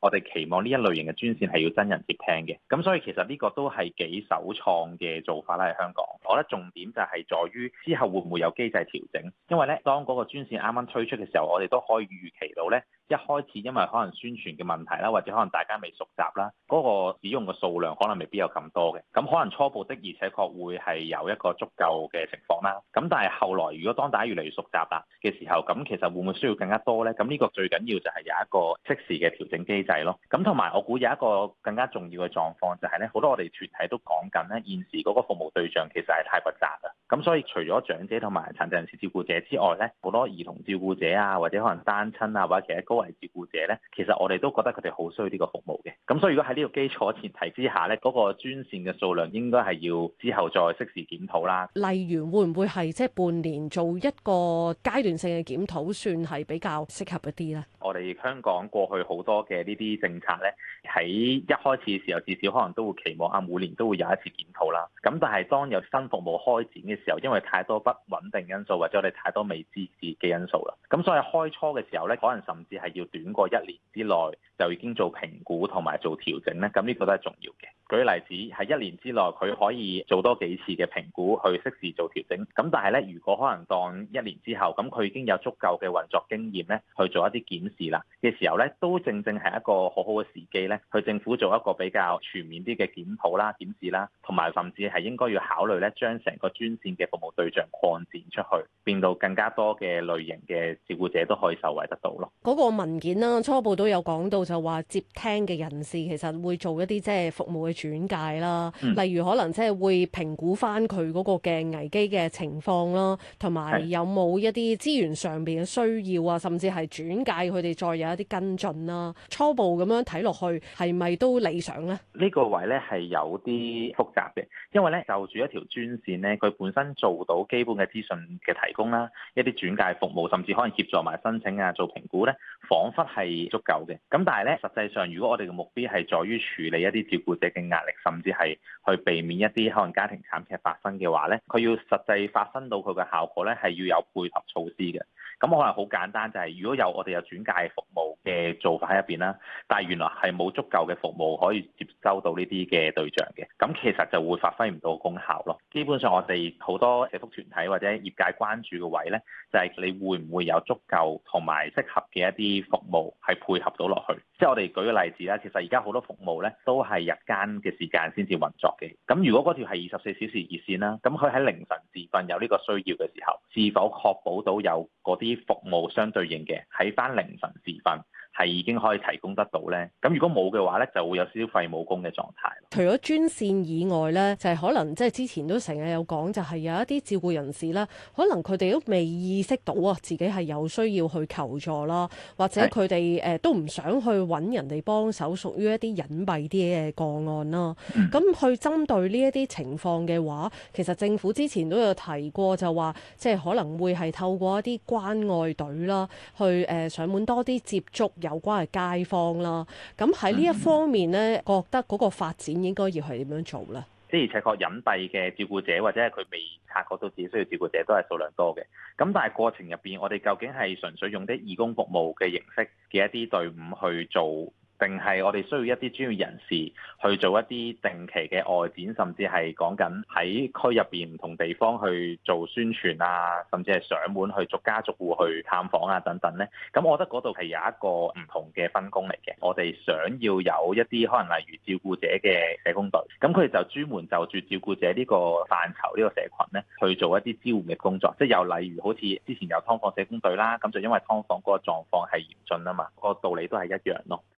我哋期望呢一類型嘅專線係要真人接聽嘅，咁所以其實呢個都係幾首創嘅做法啦，喺香港。我覺得重點就係在於之後會唔會有機制調整，因為呢當嗰個專線啱啱推出嘅時候，我哋都可以預期到呢。一開始因為可能宣傳嘅問題啦，或者可能大家未熟習啦，嗰個使用嘅數量可能未必有咁多嘅，咁可能初步的而且確會係有一個足夠嘅情況啦。咁但係後來如果當大家越嚟越熟習啦嘅時候，咁其實會唔會需要更加多咧？咁呢個最緊要就係有一個即時嘅調整機制咯。咁同埋我估有一個更加重要嘅狀況就係咧，好多我哋團體都講緊咧，現時嗰個服務對象其實係太狹窄啦。咁所以除咗長者同埋殘疾人士照顧者之外咧，好多兒童照顧者啊，或者可能單親啊，或者其他高為照顧者咧，其實我哋都覺得佢哋好需要呢個服務嘅。咁所以如果喺呢個基礎前提之下咧，嗰個專線嘅數量應該，係要之後再適時檢討啦。例如會唔會，係即係半年做一個階段性嘅檢討，算係比較適合一啲咧？我哋香港過去好多嘅呢啲政策咧，喺一開始時候至少可能都會期望下每年都會有一次檢討啦。咁但係當有新服務開展嘅時候，因為太多不穩定因素或者我哋太多未知字嘅因素啦，咁所以開初嘅時候咧，可能甚至係要短過一年之內就已經做評估同埋。做調整咧，咁呢個都係重要嘅。舉例子係一年之內，佢可以做多幾次嘅評估，去適時做調整。咁但係咧，如果可能當一年之後，咁佢已經有足夠嘅運作經驗咧，去做一啲檢視啦嘅時候咧，都正正係一個好好嘅時機咧，去政府做一個比較全面啲嘅檢討啦、檢視啦，同埋甚至係應該要考慮咧，將成個專線嘅服務對象擴展出去，變到更加多嘅類型嘅照顧者都可以受惠得到咯。嗰個文件啦，初步都有講到就話接聽嘅人士其實會做一啲即係服務嘅。轉介啦，嗯、例如可能即係會評估翻佢嗰個嘅危機嘅情況啦，同埋有冇一啲資源上邊嘅需要啊，甚至係轉介佢哋再有一啲跟進啦。初步咁樣睇落去係咪都理想呢？呢個位呢係有啲複雜嘅，因為呢就住一條專線呢，佢本身做到基本嘅資訊嘅提供啦，一啲轉介服務，甚至可能協助埋申請啊，做評估呢，仿佛係足夠嘅。咁但係呢，實際上如果我哋嘅目標係在於處理一啲照顧者嘅，壓力，甚至係去避免一啲可能家庭慘劇發生嘅話咧，佢要實際發生到佢嘅效果咧，係要有配合措施嘅。咁可能好簡單，就係如果有我哋有轉介服務嘅做法喺入邊啦，但係原來係冇足夠嘅服務可以接收到呢啲嘅對象嘅，咁其實就會發揮唔到功效咯。基本上我哋好多社福團體或者業界關注嘅位咧，就係你會唔會有足夠同埋適合嘅一啲服務係配合到落去？即係我哋舉個例子啦，其實而家好多服務咧都係日間嘅時間先至運作嘅。咁如果嗰條係二十四小時熱線啦，咁佢喺凌晨時分有呢個需要嘅時候，是否確保到有嗰啲啲服務相對應嘅，喺翻凌晨時分，係已經可以提供得到呢。咁如果冇嘅話呢，就會有少少廢武功嘅狀態。除咗專線以外呢，就係、是、可能即係之前都成日有講，就係、是、有一啲照顧人士啦，可能佢哋都未意識到啊，自己係有需要去求助啦，或者佢哋誒都唔想去揾人哋幫手，屬於一啲隱蔽啲嘅個案啦。咁是去針對呢一啲情況嘅話，其實政府之前都有提過就，就話即係可能會係透過一啲關愛隊啦，去誒上門多啲接觸人有關係街坊啦，咁喺呢一方面咧，覺得嗰個發展應該要去點樣做咧？即、嗯、 而且確隱蔽嘅照顧者，或者係佢未察覺到自己需要照顧者，都係數量多嘅。咁但係過程入邊，我哋究竟係純粹用啲義工服務嘅形式嘅一啲隊伍去做？定係我哋需要一啲專業人士去做一啲定期嘅外展，甚至係講緊喺區入邊唔同地方去做宣傳啊，甚至係上門去逐家逐戶去探訪啊等等呢。咁我覺得嗰度係有一個唔同嘅分工嚟嘅。我哋想要有一啲可能，例如照顧者嘅社工隊，咁佢哋就專門就住照顧者呢個範疇呢個社群呢去做一啲支援嘅工作，即係又例如好似之前有劏房社工隊啦，咁就因為劏房嗰個狀況係嚴峻啊嘛，嗰個道理都係一樣咯。